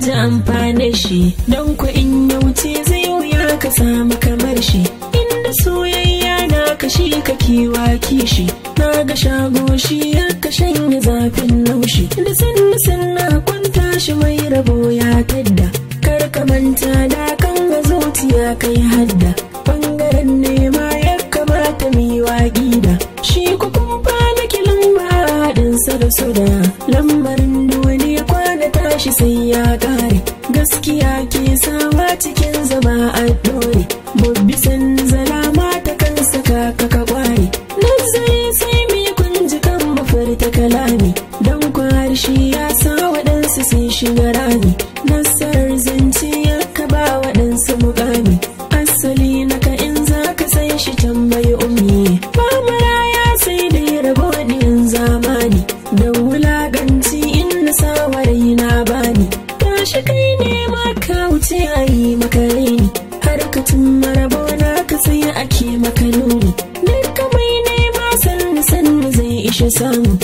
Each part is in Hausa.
za ta amfane shi don ku in ya wuce zai wuya ka samu kamar shi inda soyayya na kashi ka kiwa kishi na ga shago shi ya ka shanye zafin laushi da sannu sanna kwanta shi mai rabo ya tadda kar ka manta da kan ga zuciya kai hadda soñada Some.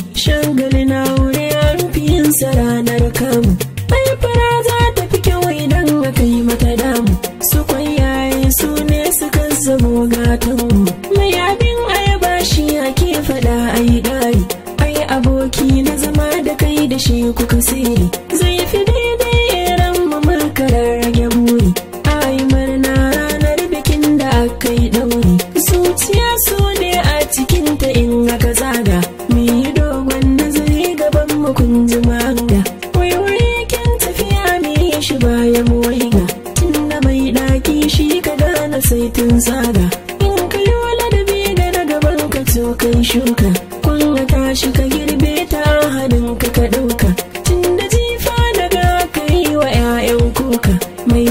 zo kai shuka kwallo ta shi ka girbe ta hannun ka ka dauka tun da jifa daga ka yi wa 'ya'yan kuka mai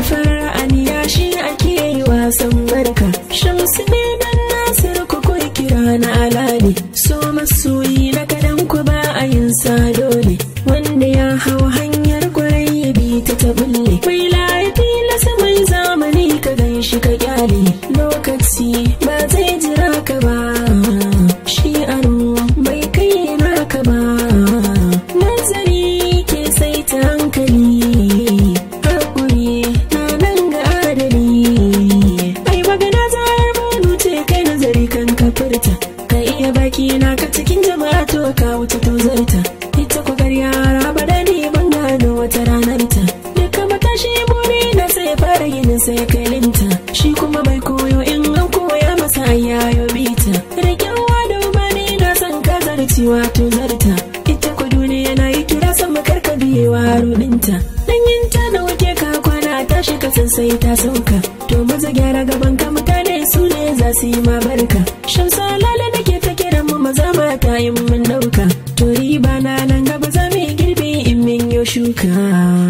ya shi ake yi wasan barka shamsu ne dan nasar ku kira na alali so masoyi ambananta duka matashi buri na sai fara yin sai kalinta shi kuma bai koyo in an koya masa yayo bita rikewa da umarni na san ka wato zarta ita ku duniya na yi kira sama karka biyewa rubinta ta na wuce ka kwana tashi ka san sai ta sauka to maza gyara gaban ka mutane su ne za su yi ma barka shamsa lala da ke ta kiran mu maza mata yin mun ɗauka. machucar.